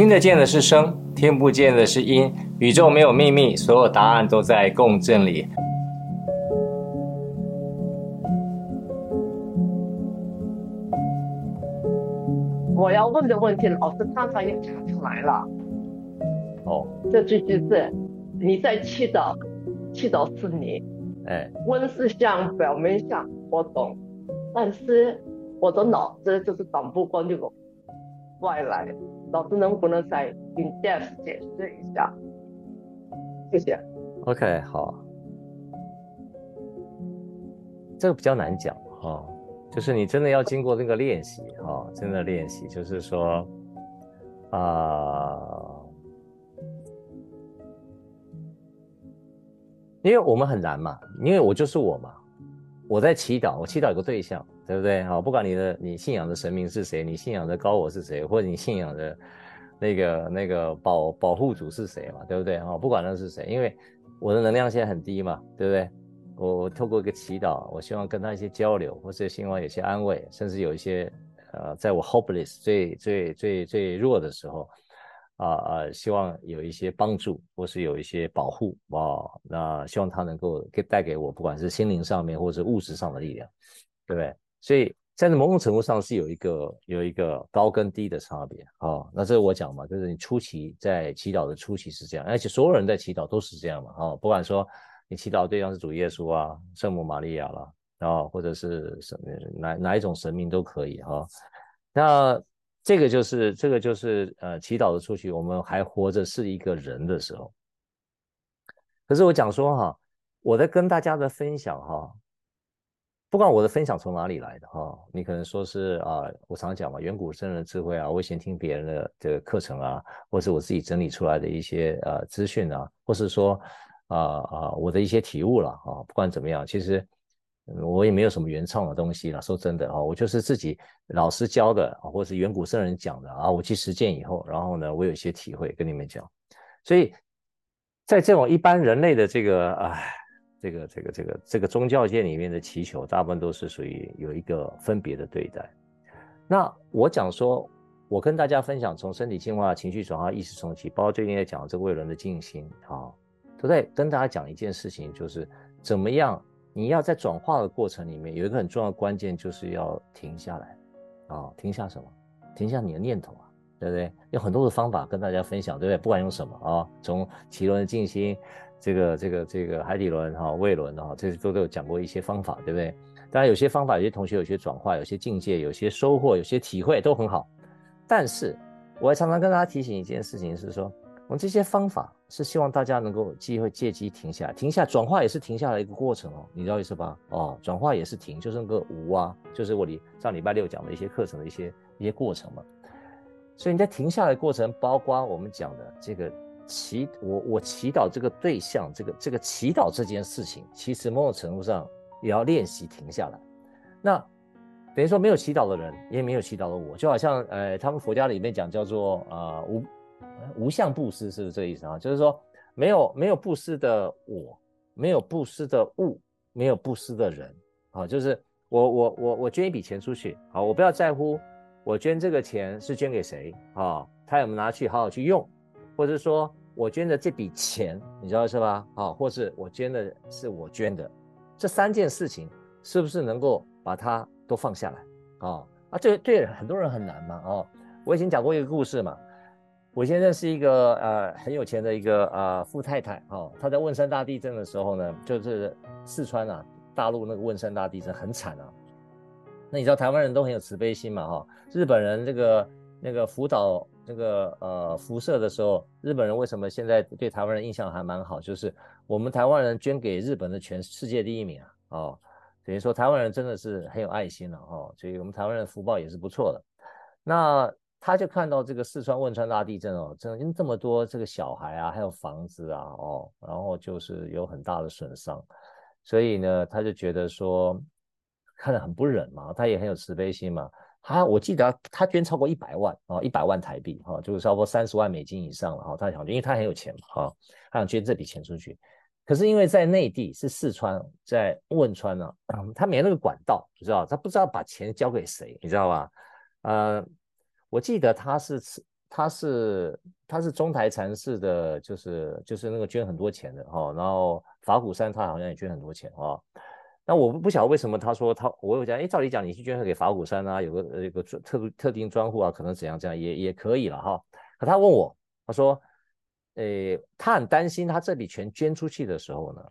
聽得見的是聲，聽不見的是音。宇宙沒有秘密，所有答案都在共振裡。我要問的問題，老師剛才也講出來了。哦。這句句子，你在祈禱，祈禱是你。哎。溫是像表面上，我懂。但是我的腦子就是擋不過這個外來。老師能不能再 in depth 解釋一下？謝謝。OK，好，這個比較難講哈、哦，就是你真的要經過那個練習哈、哦，真的練習，就是說，啊、呃，因為我們很難嘛，因為我就是我嘛。我在祈禱，我祈禱有個對象，對不對？好，不管你的你信仰的神明是誰，你信仰的高我是誰，或者你信仰的那個那個保保護主是誰嘛，對不對？好，不管那是誰，因為我的能量現在很低嘛，對不對？我，我透過一個祈禱，我希望跟他一些交流，或者希望有些安慰，甚至有一些呃，在我 hopeless 最最最最弱的時候。啊、呃、啊！希望有一些幫助，或是有一些保護啊、哦。那希望它能夠給帶給我，不管是心靈上面，或者是物質上的力量，對不對？所以，在某種程度上是有一個有一個高跟低的差別啊、哦。那這是我講嘛，就是你初期在祈禱的初期是這樣，而且所有人在祈禱都是這樣嘛啊、哦。不管說你祈禱對象是主耶穌啊、聖母瑪利亞啦、啊，然、哦、或者是什麼哪哪一種神明都可以哈、哦。那。這個就是，這個就是，呃，祈禱的出去，我們還活着是一個人的時候。可是我講說哈，我在跟大家的分享哈，不管我的分享從哪裡來的哈，你可能說是啊，我常講嘛，遠古聖人智慧啊，我以前聽別人的這個課程啊，或是我自己整理出來的一些呃資訊啊，或是說啊啊、呃呃、我的一些體悟了哈、哦，不管怎麼樣，其實。我也沒有什麼原創的東西了，說真的啊、哦，我就是自己老師教的，或者是遠古聖人講的啊，我去實踐以後，然後呢，我有一些體會跟你們講。所以在這種一般人類的這個啊，這個這個這個這個宗教界裡面的祈求，大部分都是屬於有一個分別的對待。那我講說，我跟大家分享從身體淨化、情緒轉化、意識重啟，包括最近在講這個為人的靜心，啊，都在跟大家講一件事情，就是怎麼樣。你要在轉化的過程裡面有一個很重要的關鍵，就是要停下來，啊、哦，停下什麼？停下你的念頭啊，對不對？有很多的方法跟大家分享，對不對？不管用什麼啊、哦，從臍輪的靜心，這個、這個、這個海底輪哈、胃輪哈，這都都有講過一些方法，對不對？當然有些方法，有些同學有些轉化，有些境界，有些收穫，有些體會都很好，但是我還常常跟大家提醒一件事情，是說我們這些方法。是希望大家能夠機會借機停下來，停下轉化也是停下來的一個過程哦，你知道意思吧？哦，轉化也是停，就是那個無啊，就是我禮上禮拜六講的一些課程的一些一些過程嘛。所以你在停下來的過程，包括我們講的這個祈，我我祈禱這個對象，這個這個祈禱這件事情，其實某種程度上也要練習停下來。那等於說沒有祈禱的人，也沒有祈禱的我，就好像呃，他們佛家裡面講叫做啊無。呃無相布施是不是這個意思啊？就是說，沒有沒有布施的我，沒有布施的物，沒有布施的人啊、哦。就是我我我我捐一筆錢出去，好、哦，我不要在乎我捐這個錢是捐給誰啊、哦？他有沒有拿去好好去用，或者說我捐的這筆錢，你知道是吧？啊、哦，或是我捐的是我捐的，這三件事情是不是能夠把它都放下來啊、哦？啊，這對很多人很難嘛啊、哦！我以前講過一個故事嘛。我先認識一個呃很有錢的一個呃富太太啊、哦，她在汶川大地震的時候呢，就是四川啊大陸那個汶川大地震很慘啊。那你知道台灣人都很有慈悲心嘛哈、哦？日本人這個那個福島那個呃輻射的時候，日本人為什麼現在對台灣人印象還蠻好？就是我們台灣人捐給日本的全世界第一名啊哦，等於說台灣人真的是很有愛心了哈、哦，所以我們台灣人的福報也是不錯的。那。他就看到這個四川汶川大地震哦，真的因為這麼多這個小孩啊，還有房子啊哦，然後就是有很大的損傷，所以呢，他就覺得說，看得很不忍嘛，他也很有慈悲心嘛。他我記得他捐超過一百萬哦，一百萬台幣哈、哦，就是超過三十萬美金以上了哈、哦。他想，因為他很有錢哈、哦，他想捐這筆錢出去。可是因為在內地是四川在汶川呢、啊嗯，他沒那個管道，你知道，他不知道把錢交給誰，你知道吧？呃我記得他是他是他是，他是中台禪寺的，就是就是那個捐很多錢的哈，然後法鼓山他好像也捐很多錢啊。那我不不曉得為什麼他說他，我有講，誒，照理講，你去捐給法鼓山啊，有個有個特特定專戶啊，可能怎樣怎樣也也可以了哈。可他問我，他說，誒，他很擔心他這裡全捐出去的時候呢，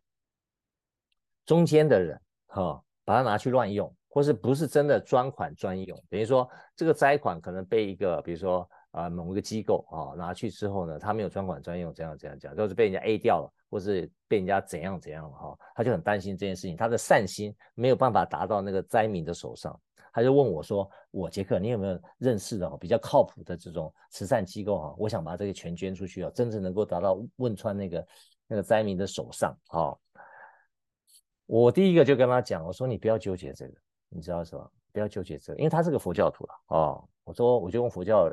中間的人哈，把他拿去亂用。或是不是真的專款專用？等於說這個災款可能被一個，比如說啊、呃，某一個機構啊、哦、拿去之後呢，他沒有專款專用，這樣這樣講，就是被人家 A 掉了，或是被人家怎樣怎樣了哈，他、哦、就很擔心這件事情，他的善心沒有辦法達到那個災民的手上，他就問我說：“我傑克，你有沒有認識的比較靠譜的這種慈善機構啊、哦？我想把這個錢捐出去啊，真正能夠達到汶川那個那個災民的手上啊。哦”我第一個就跟他講，我說：“你不要糾結這個。”你知道是吧？不要糾結這個，因為他是個佛教徒了哦。我說，我就用佛教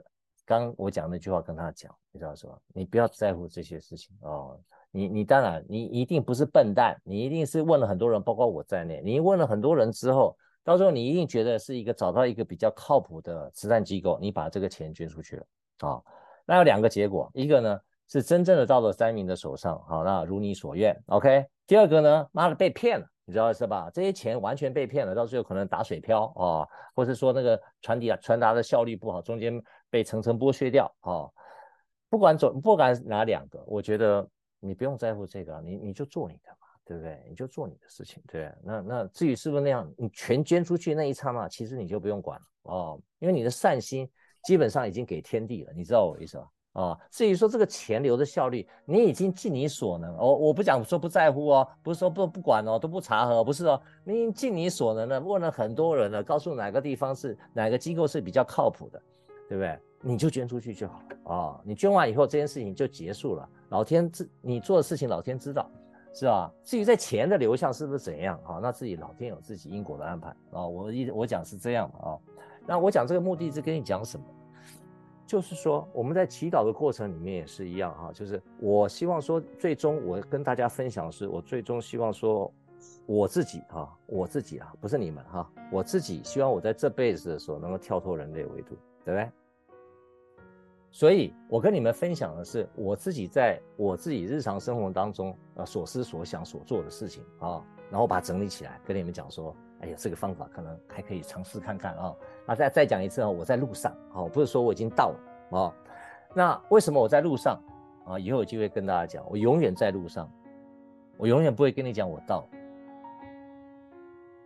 剛,剛我講那句話跟他講，你知道是吧？你不要在乎這些事情哦。你你當然你一定不是笨蛋，你一定是問了很多人，包括我在內。你問了很多人之後，到時候你一定覺得是一個找到一個比較靠譜的慈善機構，你把這個錢捐出去了啊，哦。那有兩個結果，一個呢是真正的到了災民的手上，好，那如你所願，OK。第二個呢，媽的被騙了。你知道是吧？這些錢完全被騙了，到時候可能打水漂哦，或者說那個傳遞啊傳達的效率不好，中間被層層剝削掉哦。不管怎不管哪兩個，我覺得你不用在乎這個，你你就做你的嘛，對不對？你就做你的事情。對，對，那那至於是不是那樣，你全捐出去那一剎那，其實你就不用管了哦，因為你的善心基本上已經給天地了，你知道我意思吧？啊，至於說這個錢流的效率，你已經盡你所能。我、哦、我不講說不在乎哦，不是說不不管哦，都不查核，不是哦，你盡你所能的問了很多人了，告訴哪個地方是哪個機構是比較靠譜的，對不對？你就捐出去就好啊、哦。你捐完以後，這件事情就結束了。老天自，你做的事情，老天知道，是吧？至於在錢的流向是不是怎樣啊、哦，那自己老天有自己因果的安排啊、哦。我一，我講是這樣的啊、哦。那我講這個目的是跟你講什麼？就是說，我們在祈禱的過程裡面也是一樣哈、啊，就是我希望說，最終我跟大家分享的是我最終希望說，我自己哈，我自己啊、啊、不是你們哈、啊，我自己希望我在這輩子的時候能夠跳脫人類維度，對不對？所以我跟你們分享的是我自己在我自己日常生活當中啊所思所想所做的事情啊，然後把它整理起來跟你們講說。哎呀，這個方法可能還可以嘗試看看啊、哦！啊，再再講一次啊、哦！我在路上啊、哦，不是說我已經到了啊、哦。那為什麼我在路上啊、哦？以後有機會跟大家講，我永遠在路上，我永遠不會跟你講我到。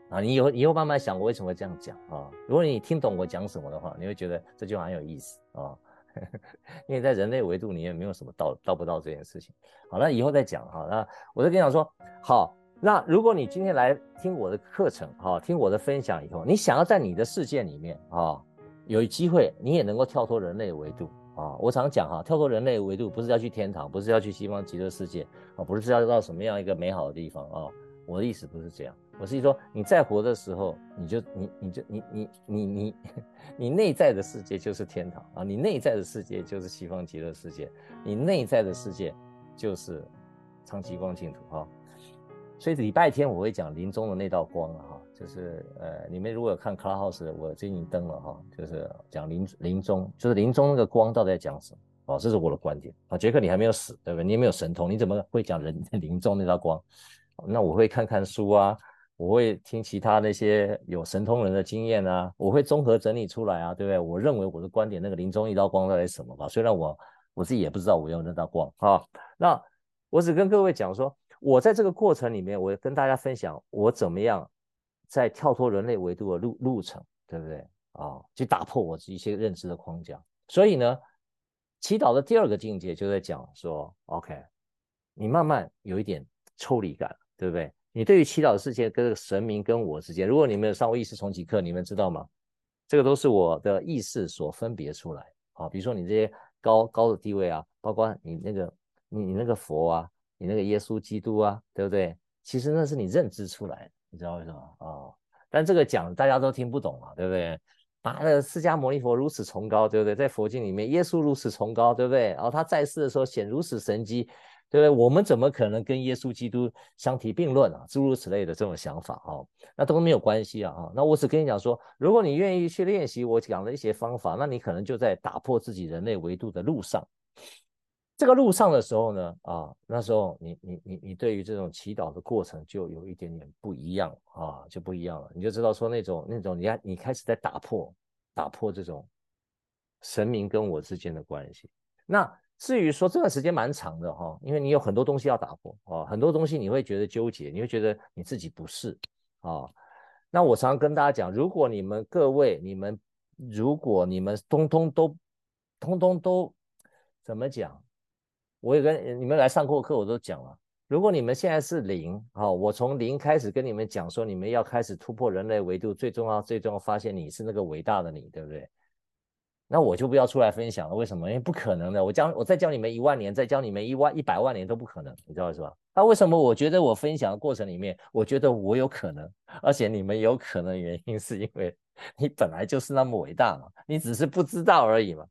啊，你以後你以後慢慢想，我為什麼會這樣講啊、哦？如果你聽懂我講什麼的話，你會覺得這句話很有意思啊、哦呵呵。因為在人類維度，你也沒有什麼到到不到這件事情。好，那以後再講哈、哦。那我就跟你講說，好、哦。那如果你今天來聽我的課程，哈，聽我的分享以後，你想要在你的世界裡面，啊，有機會你也能夠跳脫人類的維度，啊，我常講哈，跳脫人類的維度不是要去天堂，不是要去西方極樂世界，啊，不是要到什麼樣一個美好的地方啊，我的意思不是這樣，我是說你在活的時候，你就你你就你你你你你，你你你你你內在的世界就是天堂啊，你內在的世界就是西方極樂世界，你內在的世界就是，常寂光淨土啊。所以禮拜天我會講臨終的那道光啊，就是呃，你們如果有看《Clara House》我最近登了哈、啊，就是講臨臨，臨終，就是臨終那個光到底在講什麼？哦，這是我的觀點啊。傑克，你還沒有死，對不對？你也沒有神通，你怎麼會講人臨終那道光？那我會看看書啊，我會聽其他那些有神通人的經驗啊，我會綜合整理出來啊，對不對？我認為我的觀點那個臨終一道光到底是什麼吧。雖然我我自己也不知道我用那道光哈、哦。那我只跟各位講說。我在這個過程裡面，我跟大家分享我怎麼樣在跳脫人類維度的路路程，對不對啊？去、哦、打破我一些認知的框架。所以呢，祈禱的第二個境界就在講說，OK，你慢慢有一點抽離感，對不對？你對於祈禱世界跟神明跟我之間，如果你沒有上過意識重啟課，你們知道嗎？這個都是我的意識所分別出來啊、哦。比如說你這些高高的地位啊，包括你那個你你那個佛啊。你那個耶穌基督啊，對不對？其實那是你認知出來的，你知道為什麼？哦，但這個講大家都聽不懂啊，對不對？啊、那個、釋迦牟尼佛如此崇高，對不對？在佛經裡面，耶穌如此崇高，對不對？然、哦、後他在世的時候顯如此神蹟，對不對？我們怎麼可能跟耶穌基督相提並論啊？諸如此類的這種想法啊、哦，那都沒有關係啊！那我只跟你講說，如果你願意去練習我講的一些方法，那你可能就在打破自己人類維度的路上。這個路上的時候呢，啊，那時候你你你你對於這種祈禱的過程就有一點點不一樣啊，就不一樣了。你就知道說那種那種你，你看你開始在打破打破這種神明跟我之間的關係。那至於說這段時間蠻長的哈，因為你有很多東西要打破啊，很多東西你會覺得糾結，你會覺得你自己不是啊。那我常常跟大家講，如果你們各位你們如果你們通通都通通都怎麼講？我也跟你們來上過課，我都講了。如果你們現在是零，好、哦，我從零開始跟你們講，說你們要開始突破人類維度，最重要，最重要，發現你是那個偉大的你，對不對？那我就不要出來分享了，為什麼？因為不可能的。我教，我再教你們一萬年，再教你們一萬一百萬年都不可能，你知道是吧？那為什麼我覺得我分享的過程裡面，我覺得我有可能，而且你們有可能的原因是因為你本來就是那麼偉大嘛，你只是不知道而已嘛。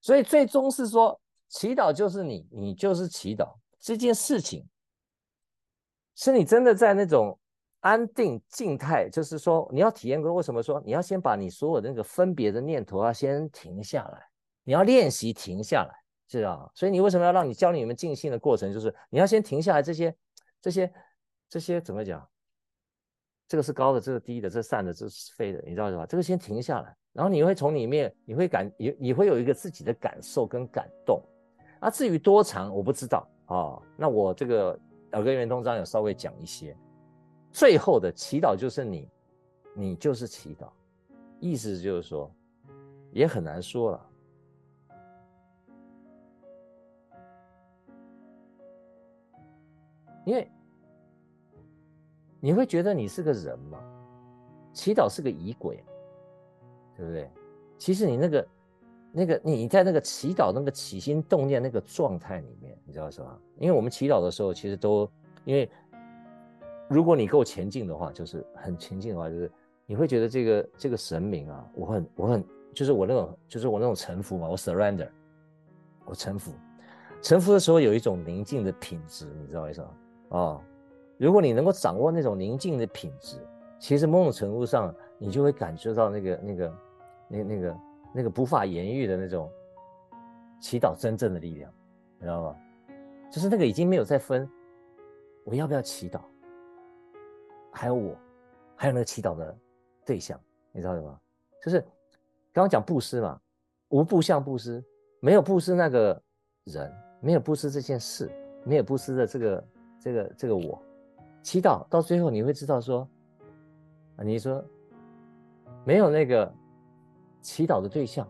所以最終是說。祈禱就是你，你就是祈禱這件事情，是你真的在那種安定靜態，就是說你要體驗過。為什麼說你要先把你所有的那個分別的念頭啊先停下來，你要練習停下來，知道，所以你為什麼要讓你教你們靜心的過程，就是你要先停下來這些這些這些怎麼講？這個是高的，這個低的，這個散的，這個是飛的，你知道是吧？這個先停下來，然後你會從裡面你會感你你會有一個自己的感受跟感動。那、啊、至於多長，我不知道啊、哦。那我這個耳根圓通章有稍微講一些，最後的祈禱就是你，你就是祈禱，意思就是說，也很難說了，因為你會覺得你是個人嗎？祈禱是個儀軌，對不對？其實你那個。那個你在那個祈禱那個起心動念那個狀態裡面，你知道是吧？因為我們祈禱的時候，其實都因為，如果你夠前進的話，就是很前進的話，就是你會覺得這個這個神明啊，我很我很就是我那種就是我那種臣服嘛，我 surrender，我臣服，臣服的時候有一種寧靜的品質，你知道為什麼？啊、哦，如果你能夠掌握那種寧靜的品質，其實某種程度上你就會感覺到那個那個那那個。那那個那個無法言喻的那種祈禱，真正的力量，你知道嗎？就是那個已經沒有再分，我要不要祈禱？還有我，還有那個祈禱的對象，你知道嗎？就是剛剛講布施嘛，無布相布施，沒有布施那個人，沒有布施這件事，沒有布施的這個這個這個我，祈禱到最後你會知道說，啊，你說沒有那個。祈禱的對象，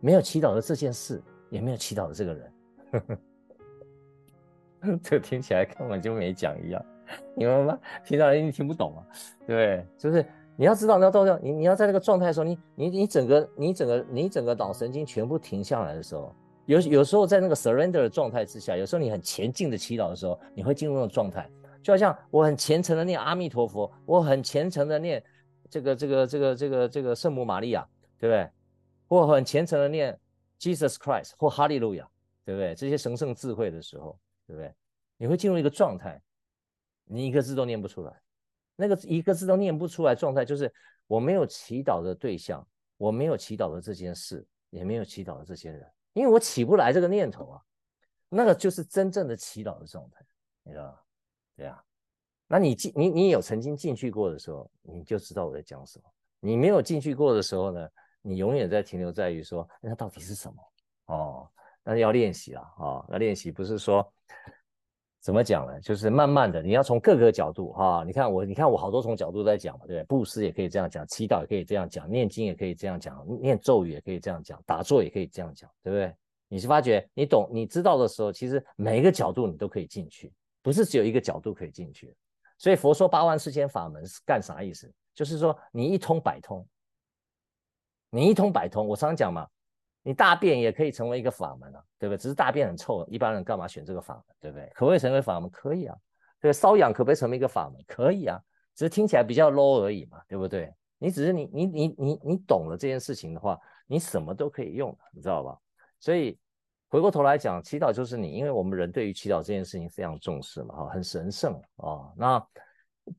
沒有祈禱的這件事，也沒有祈禱的這個人。 這聽起來根本就沒講一樣，明白嗎？聽起人你，你聽不懂啊。對，就是你要知道，你要到要你你要在那個狀態的時候，你你你整個你整個你整個腦神經全部停下來的時候，有有時候在那個 surrender 的狀態之下，有時候你很虔敬的祈禱的時候，你會進入那種狀態，就好像我很虔誠的念阿彌陀佛，我很虔誠的念這個這個這個這個這個這個聖母瑪利亞。對不對？或很虔誠的念 Jesus Christ 或哈利路亞，對不對？這些神聖智慧的時候，對不對？你會進入一個狀態，你一個字都念不出來，那個一個字都念不出來狀態，就是我沒有祈禱的對象，我沒有祈禱的這件事，也沒有祈禱的這些人，因為我起不來這個念頭啊。那個就是真正的祈禱的狀態，你知道嗎？對啊。那你進你你有曾經進去過的時候，你就知道我在講什麼。你沒有進去過的時候呢？你永遠在停留在於說，那到底是什麼？哦，那要練習了啊、哦！那練習不是說怎麼講呢？就是慢慢的，你要從各個角度哈、哦。你看我，你看我好多從角度在講嘛，對不對？布施也可以這樣講，祈禱也可以這樣講，念經也可以這樣講，念咒語也可以這樣講，打坐也可以這樣講，對不對？你是發覺，你懂，你知道的時候，其實每一個角度你都可以進去，不是只有一個角度可以進去。所以佛說八萬四千法門是幹啥意思？就是說你一通百通。你一通百通，我常常講嘛，你大便也可以成為一個法門啊，對不對？只是大便很臭，一般人幹嘛選這個法門，對不對？可不可以成為法門？可以啊，對，瘙癢可不可以成為一個法門？可以啊，只是聽起來比較 low 而已嘛，對不對？你只是你你你你你懂了這件事情的話，你什麼都可以用，你知道吧？所以回過頭來講，祈禱就是你，因為我們人對於祈禱這件事情非常重視嘛，哈，很神聖啊、哦，那。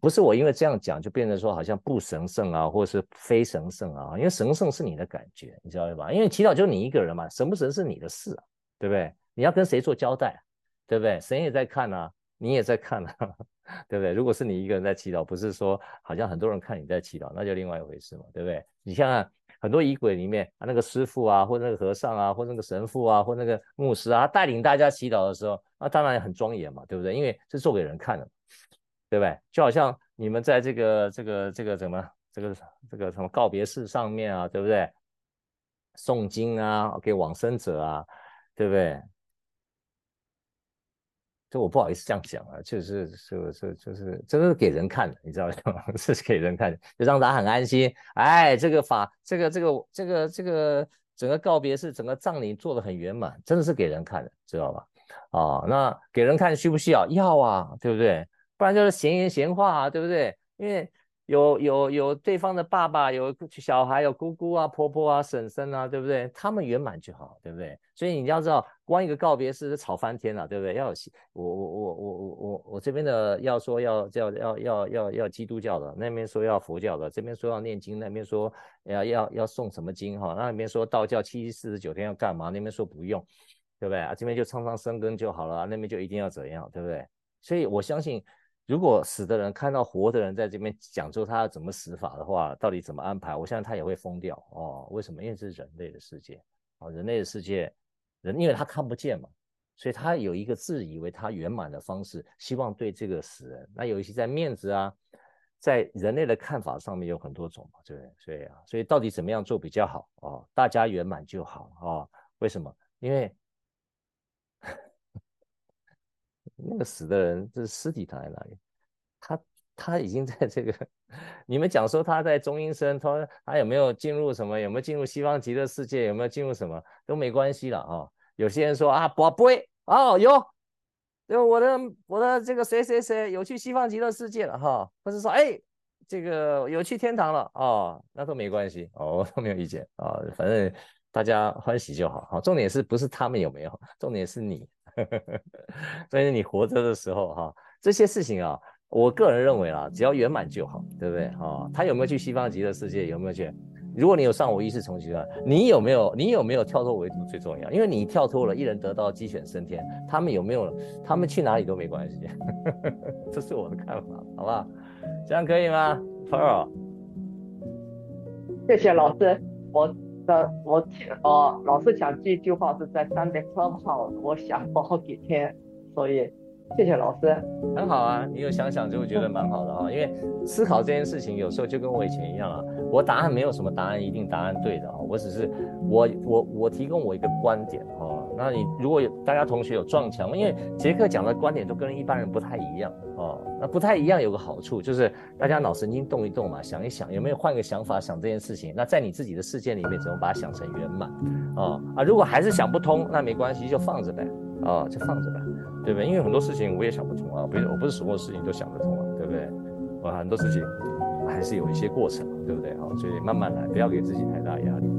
不是我，因為這樣講就變成說好像不神聖啊，或者是非神聖啊，因為神聖是你的感覺，你知道吧？因為祈禱就你一個人嘛，神不神是你的事啊，對不對？你要跟誰做交代，對不對？神也在看吶、啊，你也在看吶、啊，對不對？如果是你一個人在祈禱，不是說好像很多人看你在祈禱，那就另外一回事嘛，對不對？你像很多儀軌裡面、啊、那個師父啊，或者那個和尚啊，或者那個神父啊，或者那個牧師啊，帶領大家祈禱的時候，那、啊、當然很莊嚴嘛，對不對？因為是做給人看的嘛。對不對？就好像你們在這個這個這個怎麼這個這個、這個、什麼告別式上面啊，對不對？誦經啊，給往生者啊，對不對？這我不好意思這樣講啊，就是是是就是真的、就是就是、是給人看的，你知道嗎？這 是給人看的，就讓大家很安心。哎，這個法，這個這個這個這個整個告別式，整個葬禮做得很圓滿，真的是給人看的，知道吧？啊、哦，那給人看需不需要、啊？要啊，對不對？不然就是閒言閒話啊，對不對？因為有有有對方的爸爸，有小孩，有姑姑啊、婆婆啊、嬸嬸啊，對不對？他們圓滿就好，對不對？所以你要知道，光一個告別式就吵翻天了、啊，對不對？要有我我我我我我我這邊的要說要叫要要要要基督教的，那邊說要佛教的，這邊說要念經，那邊說要要要送什麼經哈、啊？那邊說道教七七四十九天要幹嘛？那邊說不用，對不對？啊，這邊就滄桑生根就好了，那邊就一定要怎樣，對不對？所以我相信。如果死的人看到活的人在這邊講究他要怎麼死法的話，到底怎麼安排？我相信他也會瘋掉哦。為什麼？因為這是人類的世界啊，哦，人類的世界，人因為他看不見嘛，所以他有一個自以為他圓滿的方式，希望對這個死人。那尤其在面子啊，在人類的看法上面有很多種嘛，對不對？所以啊，所以到底怎麼樣做比較好哦？大家圓滿就好哦。為什麼？因為。那個死的人，這屍體躺在哪裡？他他已經在這個，你們講說他在中陰身，他他有沒有進入什麼？有沒有進入西方極樂世界？有沒有進入什麼？都沒關係了啊。有些人說啊，寶貝，哦有，對我的我的這個誰誰誰有去西方極樂世界了哈、哦，或者說哎、欸、這個有去天堂了啊、哦，那都沒關係哦，我都沒有意見啊、哦，反正大家歡喜就好哈。重點是不是他們有沒有？重點是你。 所以你活着的時候，哈，這些事情啊，我個人認為啊，只要圓滿就好，對不對？哦？他有沒有去西方極樂世界？有沒有去？如果你有上五意識重啟了，你有沒有？你有沒有跳脫維度最重要？因為你跳脫了，一人得道，雞犬升天。他們有沒有？他們去哪裡都沒關係。這是我的看法，好吧？這樣可以嗎？Pearl？謝謝老師，我。那我聽哦，老師講這句話是在三月三號，我想了好幾天，所以謝謝老師。很好啊，你有想想就會覺得蠻好的啊，因為思考這件事情有時候就跟我以前一樣啊，我答案沒有什麼答案，一定答案對的啊，我只是我我我提供我一個觀點啊。那你如果有大家同學有撞牆，因為傑克講的觀點都跟一般人不太一樣哦。那不太一樣有個好處就是大家腦神經動一動嘛，想一想有沒有換個想法想這件事情。那在你自己的世界裡面怎麼把它想成圓滿？哦啊，如果還是想不通，那沒關係，就放着唄啊、哦，就放着唄，對不對？因為很多事情我也想不通啊，不是我不是所有事情都想得通啊，對不對？我很多事情還是有一些過程，對不對？好，所以慢慢來，不要給自己太大壓力。